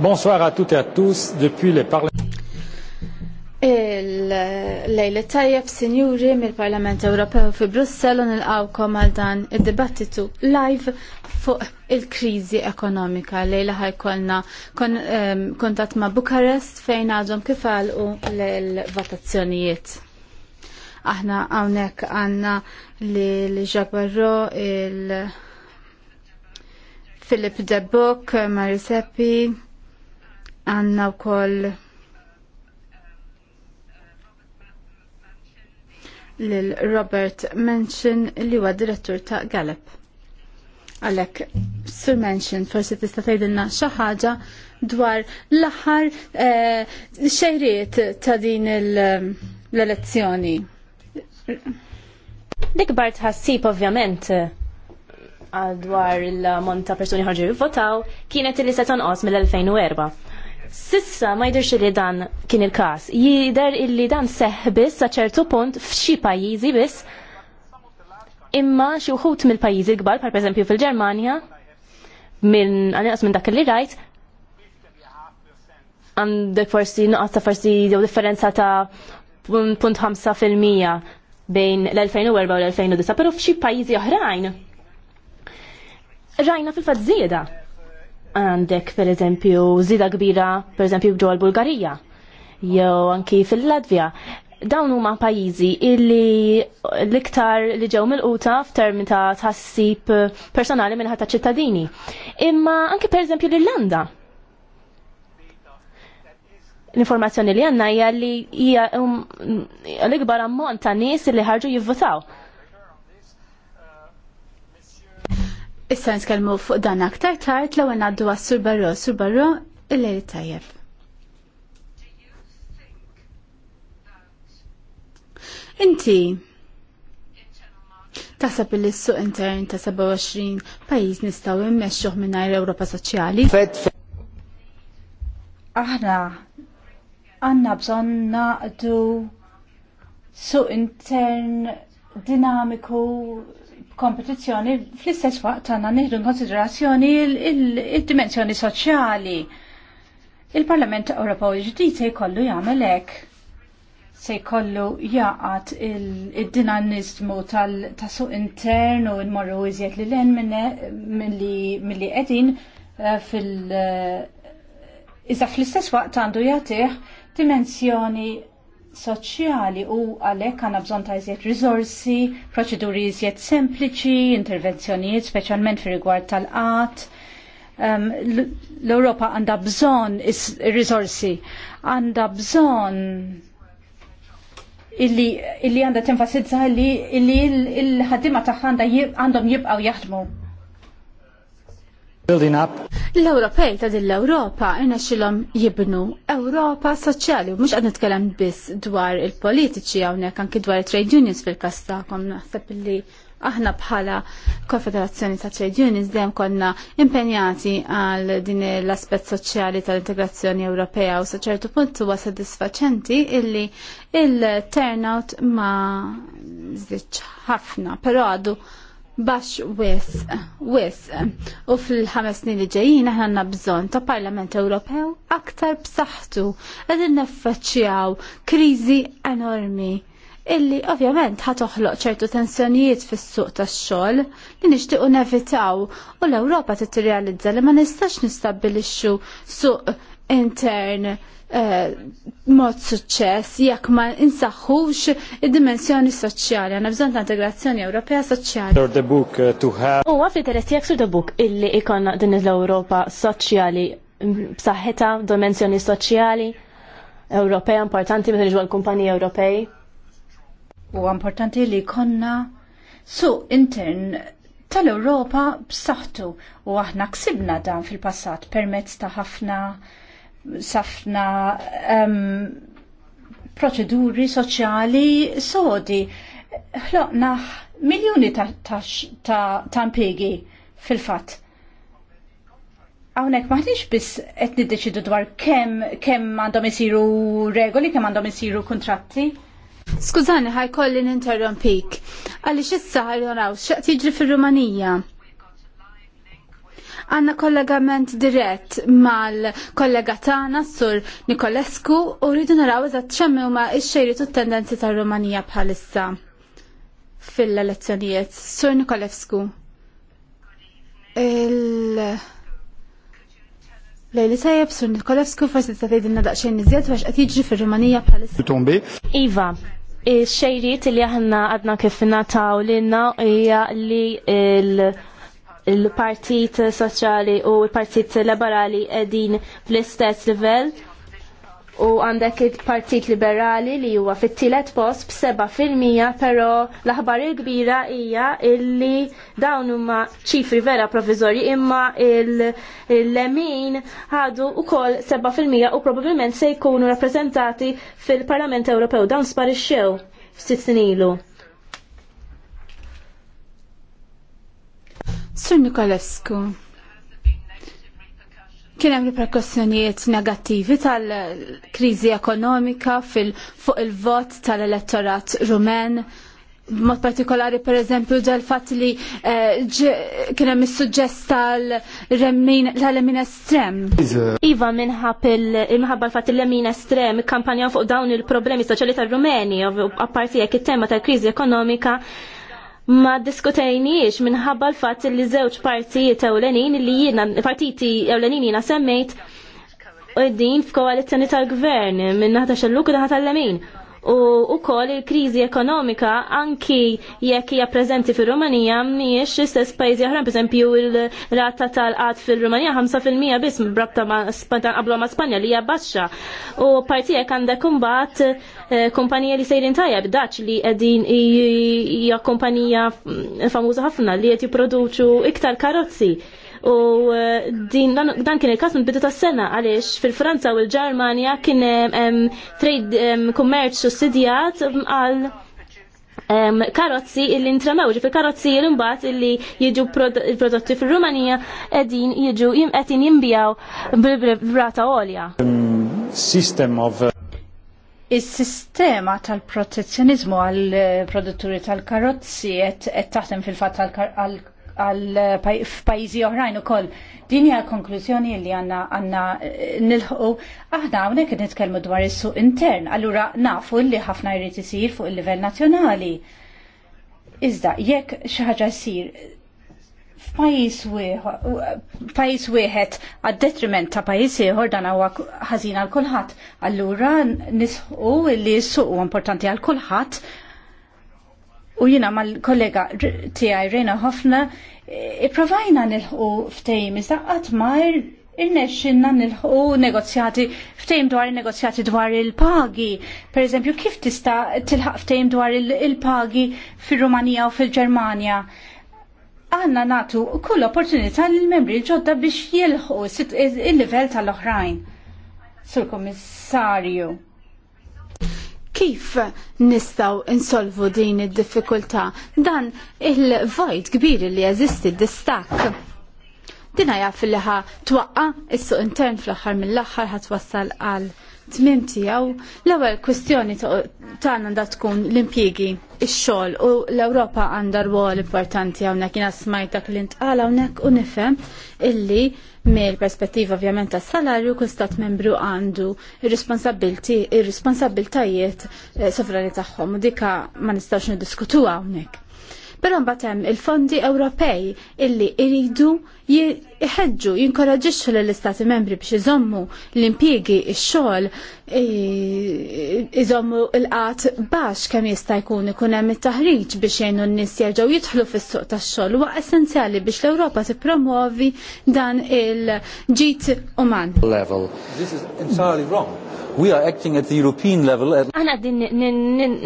Bonsoir à toutes et à tous depuis le Parlement. Il-lejla tajjeb sinjuri mill-Parlament Ewropew fi Brussel nilqawkom għal dan id-dibattitu live fuq il krizi ekonomika. Lejla ħajkolna kontat ma' Bukarest fejn għadhom kif għalqu l-votazzjonijiet. Aħna hawnhekk għandna li ġabarro il- Filip Debok, Mariseppi, Għanna u koll lil Robert Mention li huwa direttur ta' Gallup. Għalek, Sir Mention, forsi tista' tgħidilna xi ħaġa dwar l-aħħar eh, xejriet ta' din eh, l-elezzjoni. Dik bar tħassib ovvjament għal dwar il monta ta' persuni ħarġu jivvotaw kienet il se tonqos mill-2004. Sissa ma jidirx li dan kien il-kas. Jider illi dan seħbis sa ċertu punt f'xi pajjiżi biss imma xi wħud mill-pajjiżi l-kbar, par eżempju fil-Ġermanja, minn għanqas minn dak li rajt, għandek forsi nuqqas ta' forsi jew differenza ta' punt fil-mija bejn l-2004 u l-2009, pero f'xi pajjiżi oħrajn rajna fil-fatt zieda għandek per eżempju zida kbira per eżempju l Bulgarija jew anki fil-Latvja dawn huma pajjiżi illi l-iktar li ġew mill-quta f'termi ta' tħassib personali minħata ċittadini. Imma anke pereżempju l-Irlanda. L-informazzjoni li għandna hija li hija um, l-ikbar ammont ta' nies li ħarġu jivvotaw. Issa nitkellmu fuq dan aktar tard law ngħaddu għas-Sur Barro, Sur Barro il-lejl tajjeb. Inti Taħseb il suq intern ta' 27 pajjiż nistgħu immexxuh mingħajr Ewropa Soċjali? Aħna għandna bżonn naqdu suq intern dinamiku kompetizzjoni fl-istess waqt għandna nieħdu konsiderazzjoni il-dimensjoni soċjali. Il-Parlament Ewropew ġdid se jkollu jagħmel hekk se jkollu jaqat il-dinamizmu tal-suq intern u nmorru iżjed li l milli qegħdin eh, fil- eh, Iżda fl-istess waqt għandu jagħtih dimensjoni soċjali u għalhekk għandna bżonn ta' iżjed riżorsi, proċeduri iżjed sempliċi, intervenzjonijiet speċjalment fir rigward tal-qat. Um, ehm, L-Ewropa għandha bżonn riżorsi, għandha bżonn illi, illi għandha tenfasizza li illi l-ħaddima tagħha għandhom jibqgħu jaħdmu Building up. L-Ewropej ta' din l-Ewropa irnexxilhom jibnu Ewropa soċjali u mhux qed nitkellem biss dwar il-politiċi hawnhekk anki dwar trade unions fil-kastakom naħseb li aħna bħala konfederazzjoni ta' trade unions dejjem konna impenjati għal din l-aspett soċjali tal-integrazzjoni Ewropea u sa ċertu punt huwa sodisfaċenti illi il-turnout ma żdiċ ħafna, però għadu bax wis, wis. U fil-ħames snin li ġejjin aħna bżonn ta' Parlament Ewropew aktar b'saħħtu qegħdin naffaċċjaw kriżi enormi illi ovvjament ħatoħloq ċertu tensjonijiet fis-suq tax-xogħol li nixtiequ nevitaw u l-Ewropa tirrealizza li ma nistax nistabbilixxu suq intern eh, mod suċċess jekk ma insaħħux id-dimensjoni soċjali. Għanna bżon ta' integrazzjoni Ewropea soċjali. U għaf li teres jek the book illi ikon din l-Ewropa soċjali mm, b'saħħita, dimensjoni soċjali Ewropea importanti minn ġwa l-kumpaniji Ewropej. U importanti li konna su intern tal-Ewropa b'saħħtu u aħna ksibna dan fil-passat permezz ta' ħafna safna um, proċeduri soċjali sodi. Ħloqna miljoni ta', ta, ta, ta fil-fatt. Hawnhekk maħniex biss qed niddeċidu dwar kemm kemm għandhom isiru regoli, kemm għandhom isiru kuntratti. Skużani, ħajkolli ninterrompik. Għaliex issa ħajjonaw xaqt jiġri fir-Rumanija. Għanna kollegament dirett mal-kollega tagħna sur Nikolescu u rridu naraw eżatt xemmu huma x-xejriet u t-tendenzi tar-Rumanija bħalissa fil-elezzjonijiet. Sur Nikolescu. Il... Lejli tajab, sur Nikolescu, forsi ta' tgħidilna daqsxejn iżjed għax qed jiġri fir-Rumanija bħalissa. Iva, xejriet li aħna għadna kif nataw lilna hija li l il-partit soċjali u il-partit liberali edin fl-istess livell u għandek il-Partit Liberali li huwa fit-tielet post b'seba' fil-mija, però l-aħbar il-kbira hija illi dawn huma ċifri vera provizorji imma il-lemin ħadu ukoll seba' fil-mija u probabbilment se jkunu rappreżentati fil-Parlament Ewropew dawn sparixxew f'sitt snin ilu. Sur Nikolescu, kien hemm riperkussjonijiet negattivi tal-kriżi ekonomika fil fuq il-vot tal-elettorat rumen. Mod partikolari per eżempju fatt li eh, kien hemm is-suġġest tal-remmin lemin estrem. Iva minħab il-imħabba l-fatt l lemin estrem kampanja fuq dawn il-problemi soċjali tar-Rumeni apparti jekk it-tema tal-kriżi ekonomika ma diskutejniex minħabba l-fatt li żewġ partijiet ewlenin li jiena partiti ewlenin jiena semmejt din f'koalizzjoni tal-gvern minn naħta xelluk u naħta l-lemin u ukoll il-kriżi ekonomika anki jekk hija preżenti fir-Rumanija mhijiex istess pajjiżi oħra pereżempju il-rata tal-qatt fil-Rumanija 5% biss brabta qablu ma' Spanja li hija baxxa. U parti jekk għandek imbagħad eh, kumpanija li sejrin tajjeb daċ li qegħdin hija kumpanija mm, famuża ħafna li qed jipproduċu iktar karozzi U eh, din dan kien il-kas minn ta' tas-sena għaliex fil-Franza u l-Ġermanja kien trade kummerċ sussidjat għal um, karozzi illi intramaw, ġifir karozzi l imbat illi jiġu prodotti fil-Rumanija edin jiġu edin jimbijaw brata olja. System of eh, Is-sistema tal-protezzjonizmu għal-produtturi eh, tal-karozzi qed taħdem fil-fatt għal f'pajjiżi oħrajn ukoll. Din hija konklużjoni li għandna għandna eh, nilħu aħna hawnhekk qed dwar is-suq intern, allura nafu li ħafna jrid isir fuq il-livell nazzjonali. Iżda jekk xi ħaġa ssir f'pajjiż wieħed għad-detriment ta' pajjiż ieħor dan huwa ħażin għal kulħadd. Allura nisħu li s-suq huwa importanti għal kulħadd u jina mal-kollega tijaj Rena ħafna eh, ipprovajna nilħu ftejm iżda għatmar irnexxinna nilħu negozjati ftejm dwar negozjati dwar il-pagi. Per eżempju, kif tista' tilħaq ftejm dwar il-pagi fil-Rumanija u fil-Ġermanja? Għanna natu kull opportunità lill-membri ġodda biex jilħu il-livell tal-oħrajn. Sur Komissarju Kif nistaw insolvu din id-diffikultà? Dan il-vojt kbir li jeżisti d-distak. Dina jaf li ħa twaqqa is-suq intern fl-aħħar mill-aħħar ħat wassal għal tmim tiegħu l-ewwel kwestjoni tagħna għandha tkun l-impjiegi, il xogħol u l-Ewropa għandha rwol importanti hawnhekk jiena smajtak l li ntqal hawnhekk u nifhem illi mill-perspettiva ovvjament tas-salarju kull stat membru għandu ir-responsabilti il responsabiltajiet eh, sovranità tagħhom u dika ma nistgħux niddiskutuha hawnhekk. Però mbagħad hemm il-fondi Ewropej illi jridu jħeġġu, jinkoraġixxu lill-Istati membri biex iżommu l-impjiegi, x xogħol iżommu l qat baxx kemm jista' jkun ikun hemm it-taħriġ biex jgħinu n-nies jerġgħu jidħlu fis-suq tax-xogħol huwa essenzjali biex l-Ewropa tippromuovi dan il-ġit uman. Level. This is entirely wrong. We are acting at the European level. Aħna din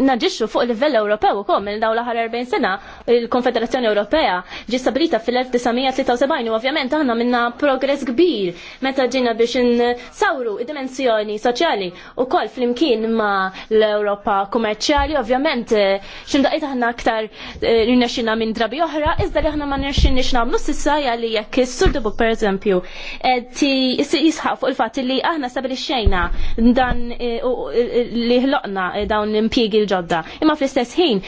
naġixxu fuq livell Ewropew ukoll minn dawn l-aħħar 40 sena il-Konfederazzjoni Ewropea ġi stabilita fil-1973 u ovvjament aħna minna progress kbir meta ġina biex insawru id-dimensjoni soċjali ukoll flimkien ma l-Ewropa kummerċjali ovvjament eh, xindaqit aħna aktar eh, rinexxina minn drabi oħra iżda li aħna ma nirxinniex nagħmlu sissa li jekk is surdubu per eżempju jisħaf u l-fat li aħna stabilixxejna dan eh, eh, li ħloqna eh, dawn l-impjiegi l-ġodda. Imma fl-istess ħin,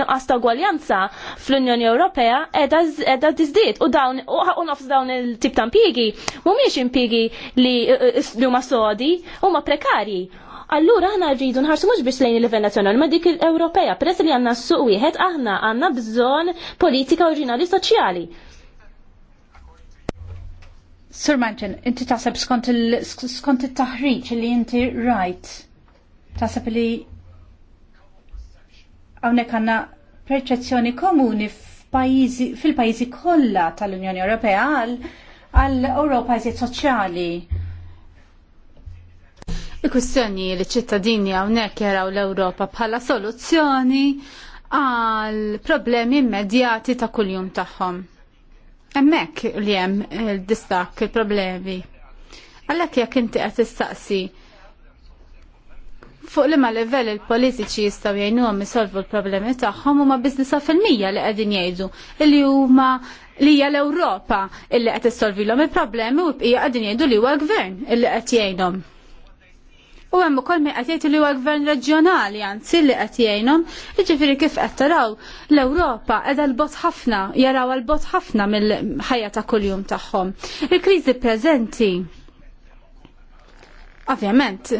nuqqas ta' gwaljanza fl-Unjoni Ewropea edha tizdiet u dawn u nofs dawn il-tip ta' impjiegi mhumiex impjiegi li huma sodi, huma prekarji. Allura aħna rridu nħarsu mhux biex lejn il-livell nazzjonali ma dik il-Ewropea, peress li għandna suq wieħed aħna għandna bżonn politika oriġinali soċjali Sir Martin, inti taħseb skont il-taħriġ li inti rajt. Taħseb li għawnek għanna perċezzjoni komuni fil-pajizi kollha tal-Unjoni Ewropea għal Ewropa eżiet soċjali. Il-kwistjoni li ċittadini hawnhekk jaraw l-Ewropa bħala soluzzjoni għal problemi immedjati ta' kuljum tagħhom. Emmek li jem il-distak, eh, il-problemi. Għallak jek inti għat istaqsi fuq li ma level il-politiċi jistaw jajnu għam jisolvu l-problemi taħħom u ma biznisa fil-mija li għedin jajdu li huma li hija l-Ewropa illi qed għom il-problemi u bqija qegħdin jgħidu li huwa l-gvern illi qed jgħidhom u hemm ukoll mi qed jgħid li huwa gvern reġjonali anzi li qed jgħinhom, jiġifieri kif qed taraw l-Ewropa qiegħda l-bot ħafna, jaraw l-bot ħafna mill-ħajja ta' kuljum tagħhom. Il-kriżi preżenti Ovvjament,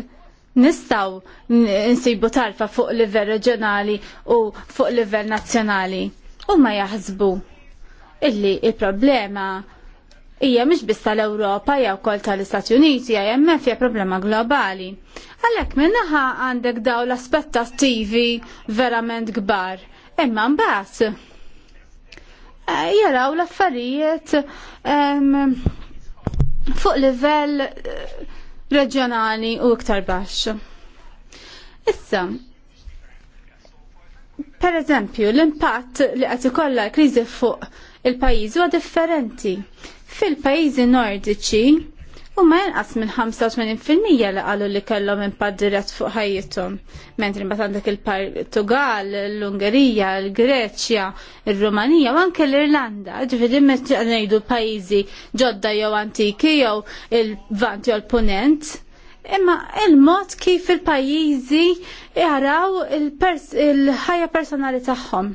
nistaw nsibu tarfa fuq livell reġjonali u fuq livell nazzjonali. U ma jaħsbu illi il-problema hija mhix biss tal-Ewropa jew kol tal-Istati Uniti IMF hija problema globali. Għalhekk minnaħa għandek daw l-aspettattivi verament kbar. Imma mbagħad eh, jaraw l-affarijiet fuq livell eh, reġjonali u iktar baxx. Issa, per eżempju, l-impatt li qed ikollha kriżi fuq il pajiz huwa differenti. Fil-pajjiżi nordiċi huma jenqas minn 85% li qalu li kellhom impaddirat dirett fuq ħajjithom. Mentri mbagħad għandek il-Portugal, l-Ungerija, l-Greċja, ir-Rumanija u anke l-Irlanda. Ġifieri meta ngħidu pajjiżi ġodda jew antiki jew il-Vant jew l-Punent imma il-mod kif il-pajjiżi jaraw il-ħajja -pers personali tagħhom.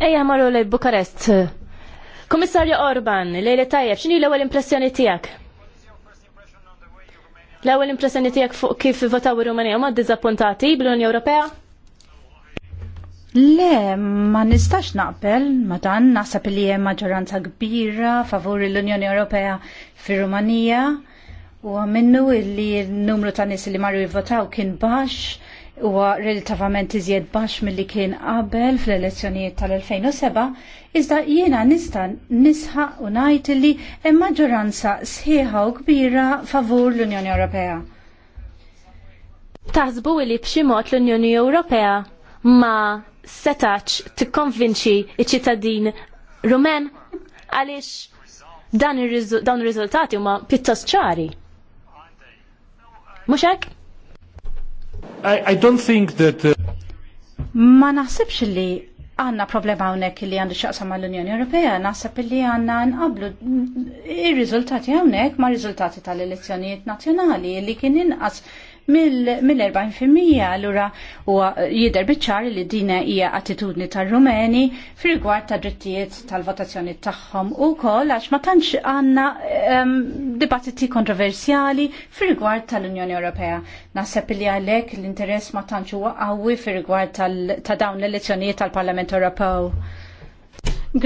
Ejja marru Bukarest. Komissarju Orban, lejle tajjeb, xini l-ewel impressjoni tijak? L-ewel impressjoni tijak fuq kif votaw ir-Rumanija, ma dizappuntati bl-Unjoni Ewropea? Le, ma nistax naqbel, ma dan naħseb li hemm maġġoranza kbira favuri l-Unjoni Ewropea fir-Rumanija u minnu li n-numru ta' nies li marru jivvotaw kien baxx huwa relativament iżjed baxx milli kien qabel fl-elezzjonijiet tal-2007, iżda jiena nista' nisħaq u najt li hemm maġġoranza sħiħa u kbira favur l-Unjoni Ewropea. Taħsbu li b'xi mod l-Unjoni Ewropea ma setax tikkonvinċi iċ-ċittadin Rumen għaliex dan ir-riżultati huma pjuttost ċari. Mhux hekk? I, I don't think that... Uh, ma naħsibx li għanna problema għonek li għandu xaqsa ma l-Unjoni Ewropea, naħseb li għanna nqablu il-rizultati għonek ma rizultati tal-elezzjonijiet nazjonali li kien inqas mill-40% allura u jider biċċar li dina hija attitudni tar-Rumeni fil rigward ta' drittijiet tal-votazzjoni tagħhom ukoll għax ma tantx għandna ehm, dibattiti kontroversjali fil rigward tal-Unjoni Ewropea. Naħseb li għalhekk l-interess ma tantx huwa qawwi fir-rigward ta' dawn l-elezzjonijiet tal-Parlament Ewropew.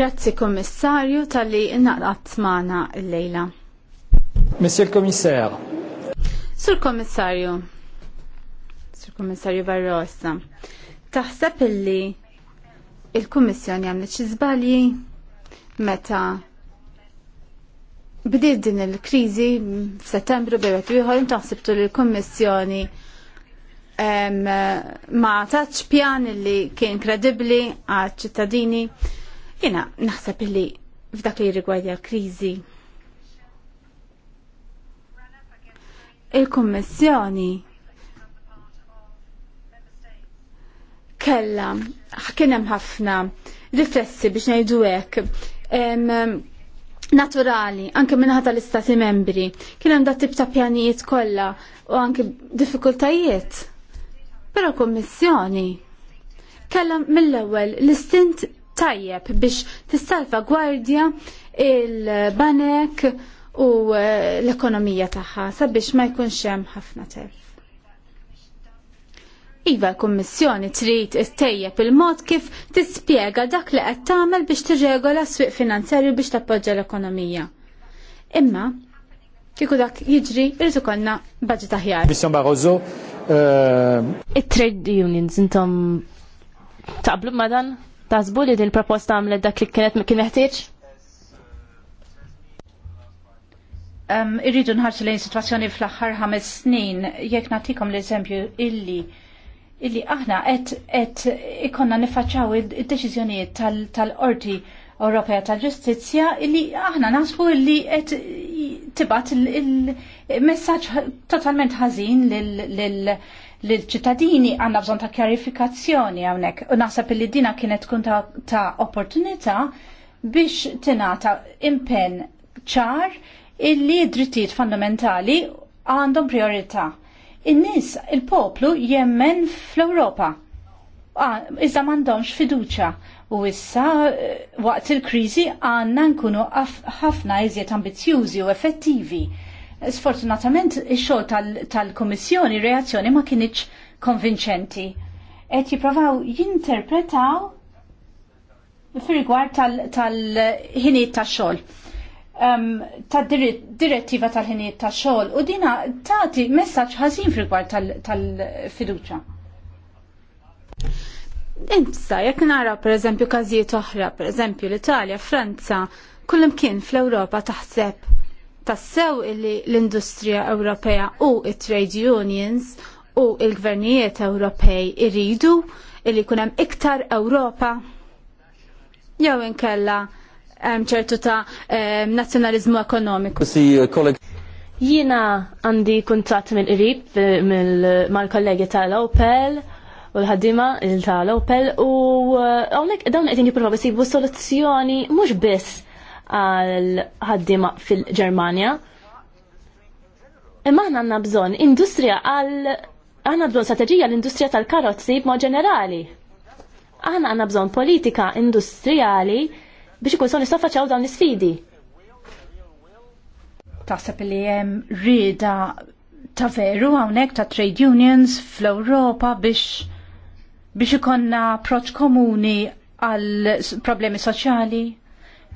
Grazzi Kommissarju tal-li naqgħat smana l-lejla. Monsieur le Commissaire, Sur Komissarju, Sur Komissarju Barrosa, taħseb illi il-Kummissjoni għamlet xi żbalji meta bdiet din il-kriżi f'Settembru bejwet ieħor intaħsibtu li l-Kummissjoni ma taċ pjan illi kien kredibli għal ċittadini. Jena naħseb illi f'dak li rigwardja l-kriżi il-Kommissjoni kella kien hemm ħafna riflessi biex ngħidu hekk naturali anke minħata tal-istati membri kien hemm dat tip ta' pjanijiet kollha u anke diffikultajiet. Però kummissjoni kellha mill-ewwel l-istint tajjeb biex tissalva gwardja il-banek u eh, l-ekonomija tagħha sabiex ma jkunx hemm ħafna telf. Iva l-Kummissjoni trid ittejjeb il-mod kif tispjega dak li qed tagħmel biex tirregola s-swieq finanzjarju biex tappoġġa l-ekonomija. Imma kieku dak jiġri irid ikollna budget aħjar. Mission Barroso. Eh, It-trade unions intom taqblu ma dan? Taħsbu li proposta għamlet dak li kienet ma kien jeħtieġ? um, irridu nħarsu lejn situazzjoni fl-aħħar ħames snin, jekk natikom l-eżempju illi illi aħna qed ikonna nifaċċaw id-deċiżjonijiet tal-Qorti tal Ewropea tal-Ġustizzja illi aħna nasbu illi qed tibat il-messaġġ totalment ħażin lil ċittadini għandna bżonn ta' kjarifikazzjoni hawnhekk. U naħseb illi dina kienet tkun ta' opportunità biex tingħata impenn ċar illi drittijiet fondamentali għandhom priorità. In-nies, il-poplu jemmen fl-Ewropa. Iżda m'għandhomx fiduċja u issa eh, waqt il-kriżi għandna nkunu ħafna iżjed ambizjużi u effettivi. Sfortunatament ix-xogħol tal-Kummissjoni tal reazzjoni ma kienx konvinċenti. Qed jipprovaw jinterpretaw fir-rigward tal-ħinijiet tal tax-xogħol um, ta' direttiva tal-ħiniet ta' xogħol u dina tagħti messaġġ ħażin fil-gwar tal-fiduċa. Insa, jekk nara pereżempju każijiet oħra, pereżempju l-Italja, Franza, kullimkien fl-Ewropa taħseb tassew illi l-industrija Ewropea u il trade unions u l gvernijiet Ewropej irridu illi kunem iktar Ewropa jew inkella ċertu ta' nazjonalizmu ekonomiku. Eh, Jiena għandi kuntatt eh, mill qrib mal-kollegi tal-Opel u l-ħaddima l opel u għonek eh, dawn qegħdin jippruvaw isibu soluzzjoni mhux biss għal ħaddima fil-Ġermanja. Imma aħna għandna bżonn industrija għal għanna bżon strategija l-industrija tal-karozzi b'mod ġenerali. Aħna għandna bżonn politika industrijali biex ikun son nistafaċaw dawn l-sfidi. Taħseb li jem rida ta' veru għawnek ta' trade unions fl-Europa biex biex ikonna proċ komuni għal problemi soċjali.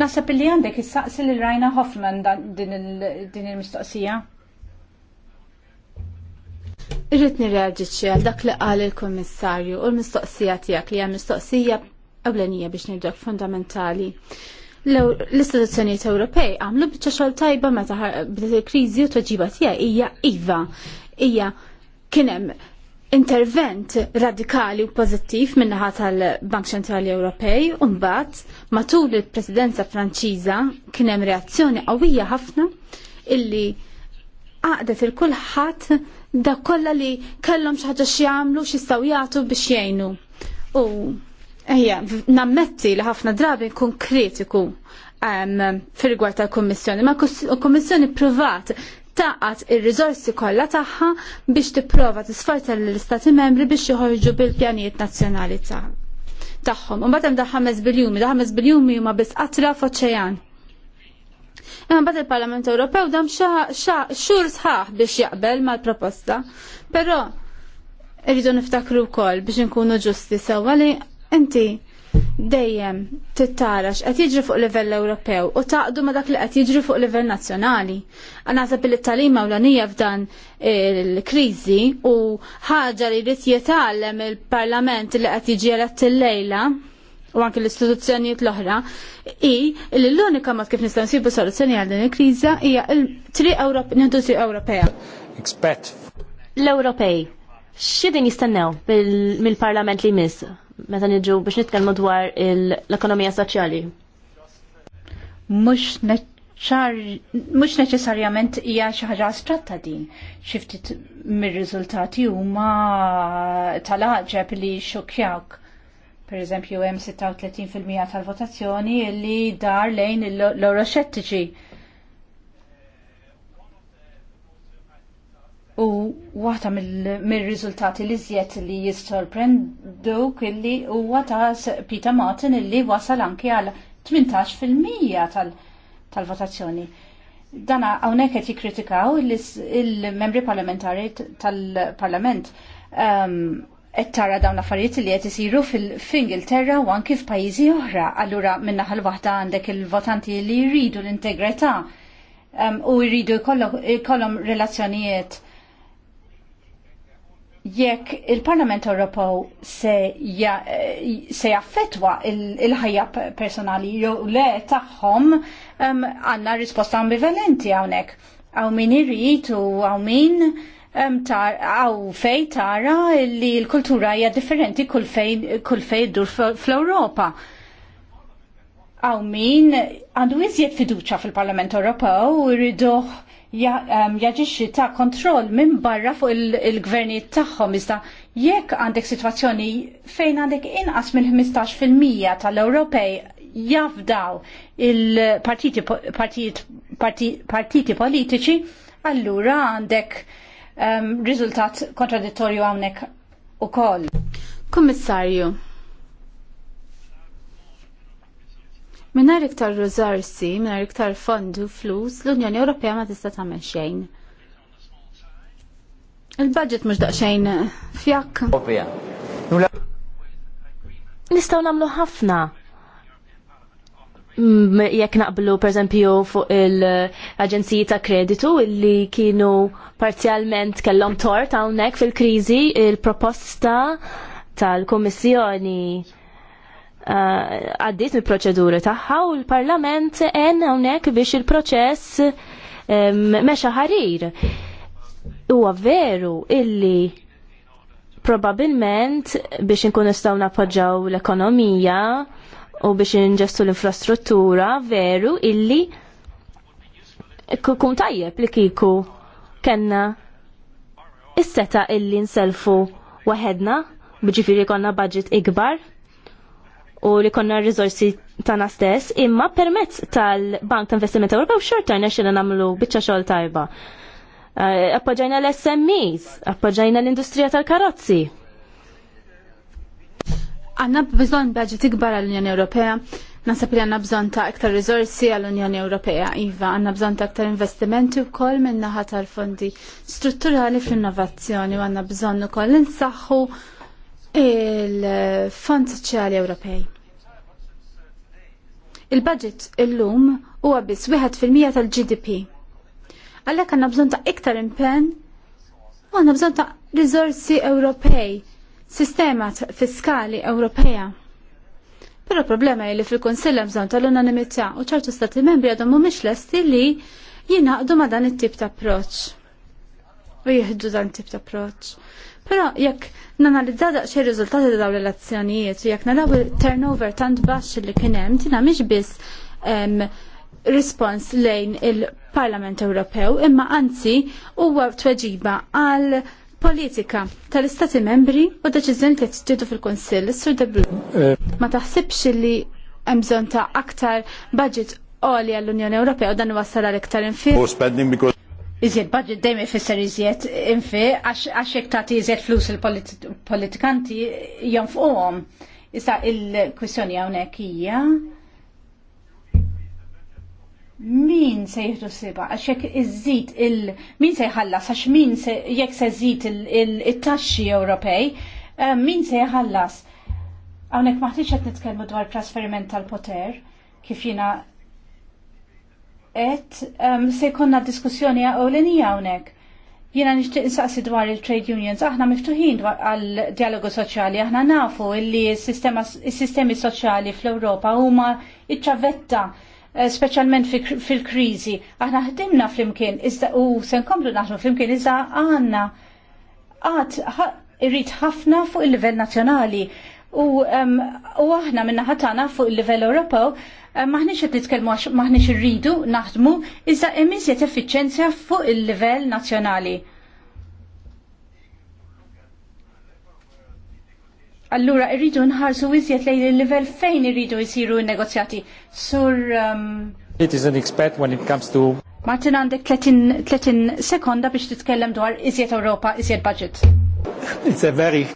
Nasab li għandek is-saqsi li rajna Hoffman din il-mistoqsija. Irrit nirreġiċi għal dak li qal il komissarju u l-mistoqsija tiegħek li għal mistoqsija ewlenija biex nibdok fundamentali. L-istituzzjonijiet Ewropej għamlu bieċa xogħol tajba meta bdiet il-kriżi u toġiba tiegħek hija iva, hija kien hemm intervent radikali u pożittiv min-naħa tal-Bank Ċentrali Ewropej u mbagħad matul il-Presidenza Franċiża kien hemm reazzjoni qawwija ħafna illi għaqdet il-kulħadd da kollha li kellhom xi ħaġa xi jagħmlu xi jistgħu jagħtu biex jgħinu. U Ejja, nammetti li ħafna drabi nkun kritiku um, fil-rigward tal-Kommissjoni, ma l-Kommissjoni provat taqat ir rizorsi kollha tagħha biex tipprova tisfarta l-Istati membri biex joħorġu bil-pjanijiet nazzjonali tagħhom. U mbagħad hemm da' ħames biljumi, da' 5 biljumi huma biss qatra f'oċean. Imma bat il-Parlament Ewropew dam xur sħaħ biex jaqbel mal-proposta, però irridu niftakru wkoll biex inkunu ġusti sewwa li Inti dejjem tittarax qed jiġri fuq livell Ewropew u taqdu ma dak li qed jiġri fuq livell nazzjonali. Naħseb li t-talima ewlenija f'dan il-kriżi u ħaġa li jrid jitgħallem il-Parlament li qed jiġi il-lejla u anke l-istituzzjonijiet l-oħra, i li l-unika mod kif nistgħu nsibu soluzzjoni għal din il-kriża hija l-triq l Ewropea. L-Ewropej, x'idin jistennew mill-Parlament li jmiss? meta niġu biex nitkellmu dwar l-ekonomija soċjali. Mhux mux neċessarjament hija xi ħaġa astratta din. Xi ftit mir-riżultati huma tal-aġeb li xokjawk. Per eżempju hemm 36% tal-votazzjoni li dar lejn l-euroxettiċi. U waħda mill-riżultati li zjet li jistolprenduk kelli huwa ta' Peter Martin illi wasal anki għal 18% tal-votazzjoni. tal votazzjoni dana għawnek għet jikritikaw il-membri parlamentari tal-parlament ehm, qed tara dawn l-affarijiet li qed fil f'Ingilterra u anki f'pajjiżi oħra. Allura minna l-waħda għandek il-votanti li jridu l-integrità ehm, u jridu jkollhom relazzjonijiet jekk il-Parlament Ewropew se, ja, se jaffetwa il-ħajja il personali jew le tagħhom għandna um, risposta ambivalenti hawnhekk. Hawn min irid u hawn min għaw fej tara li l-kultura hija differenti kull fej dur fl-Ewropa. Hawn min għandu iżjed fiduċja fil-Parlament Ewropew u jriduh jaġixxi ta' kontroll minn barra fuq il-gvernijiet tagħhom iżda jekk għandek sitwazzjoni fejn għandek inqas minn 15% tal-Ewropej jafdaw il-partiti politiċi, allura għandek riżultat kontradittorju hawnhekk ukoll. Kommissarju. Minna iktar rizorsi, minna iktar fondu, flus, l-Unjoni Ewropea ma tista' tagħmel xejn. Il-budget mhux daqsxejn eh, fjak. Nistgħu nagħmlu ħafna jekk naqblu pereżempju fuq il-aġenziji ta' kreditu illi kienu parzjalment kellhom tort hawnhekk fil-kriżi il-proposta tal-Kummissjoni Eh, għaddit mill proċeduri tagħha u l-Parlament en hawnhekk biex il-proċess mexa ħarir. Huwa veru illi probabilment biex inkun nistgħu nappoġġaw l-ekonomija u biex inġestu l-infrastruttura veru illi kun tajjeb li kiku kena is-seta illi nselfu waħedna biġifiri konna budget ikbar u li konna r-rizorsi tana stess, imma permezz tal-Bank ta' Investiment Ewropew xorta nexxina namlu biċċa xogħol tajba. Eh, appoġġajna l-SMEs, appoġġajna l-industrija tal-karozzi. Għanna bżonn budget ikbar għall-Unjoni Ewropea, nasab li għanna bżonn ta' iktar rizorsi għall-Unjoni Ewropea, iva, għanna bżonn ta' iktar investimenti wkoll minn naħa tal-fondi strutturali fl-innovazzjoni u għanna bżonn ukoll insaħħu il-Fond Soċjali Ewropej. Il-budget illum huwa biss wieħed fil-mija tal-GDP. Għalhekk għandna bżonn ta' iktar impenn u għandna bżonn ta' rizorsi Ewropej, sistema fiskali Ewropea. Però problema li fil konsilla bżon ta' tal-unanimità u ċertu stati membri għadhom mhumiex lesti li jingħaqdu ma' dan it-tip ta' approċċ. U jieħdu dan it-tip ta' approċċ. Però jekk nanalizza daqxie rizultati ta' dawn l-azzjonijiet u jekk naraw turnover tant baxx li kien hemm tina mhix biss rispons lejn il-Parlament Ewropew imma anzi huwa tweġiba għal politika tal-Istati membri u deċiżjoni li tittieħdu fil-Kunsill. Sur Blu. Eh. ma taħsibx li hemm bżonn ta' aktar budget għoli għall-Unjoni Ewropea u dan wassal għal iktar infir iżjed budget dejjem ifisser iżjed infi għax jekk tagħti iżjed flus il-politikanti jonfquhom. Issa il-kwistjoni hawnhekk hija min se jieħdu siba għax jekk iżid il- min se jħallas għax min se jekk se żid il-taxxi Ewropej, eh, min se jħallas. Hawnhekk maħtiex qed nitkellmu dwar trasferiment tal-poter kif jiena et um, se konna diskussjoni għawlenija għawnek. Jena nishtiq nsaqsi dwar il-trade unions, aħna miftuħin għal dialogu soċjali, aħna nafu illi s-sistemi soċjali fl-Europa huma iċċavetta eh, specialment fil-krizi. Aħna ħdimna fl-imkien, u senkomplu naħnu fl-imkien, iżda għanna għad irrit ħafna fuq il-livell nazjonali U għahna minna ħatana fuq il level Ewropew maħniex qed nitkelmu għax maħniex rridu naħdmu iżda hemm iżjed effiċjenzja fuq il level nazjonali. Allura irridu nħarsu iżjed lejn il level fejn irridu jisiru il negozjati Sur It is an expert when it comes to Martin għandek 30, sekonda biex titkellem dwar iżjed Ewropa, iżjed budget. It's a very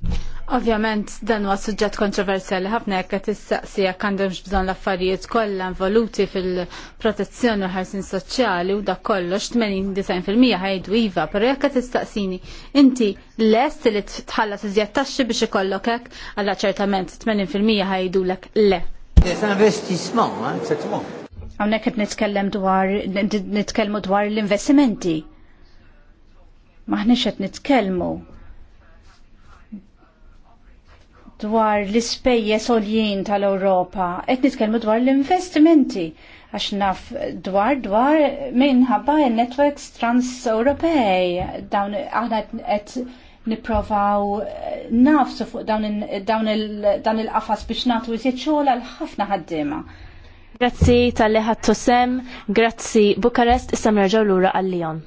Ovvjament dan huwa suġġett kontroversjali ħafna jekk qed issaqsi jekk għandhomx bżonn l-affarijiet kollha involuti fil-protezzjoni u ħarsin soċjali u dak kollox 89% ħajdu iva, però jekk qed tistaqsini inti lest li tħallas iżjed taxxi biex ikollok hekk, alla ċertament 80% ħajdulek le. Hawnhekk qed nitkellem dwar nitkellmu dwar l-investimenti. Maħniex qed nitkellmu dwar l-ispejje soljien tal-Europa, qed nitkellmu dwar l-investimenti għax naf dwar dwar minħabba networks trans-Ewropej. Dawn aħna qed niprovaw nafsu fuq dawn il-qafas biex natu jisiet xogħol għal ħafna ħaddiema. Grazzi tal-li ħattu sem, grazzi Bukarest, issa nerġgħu lura għal-Lyon.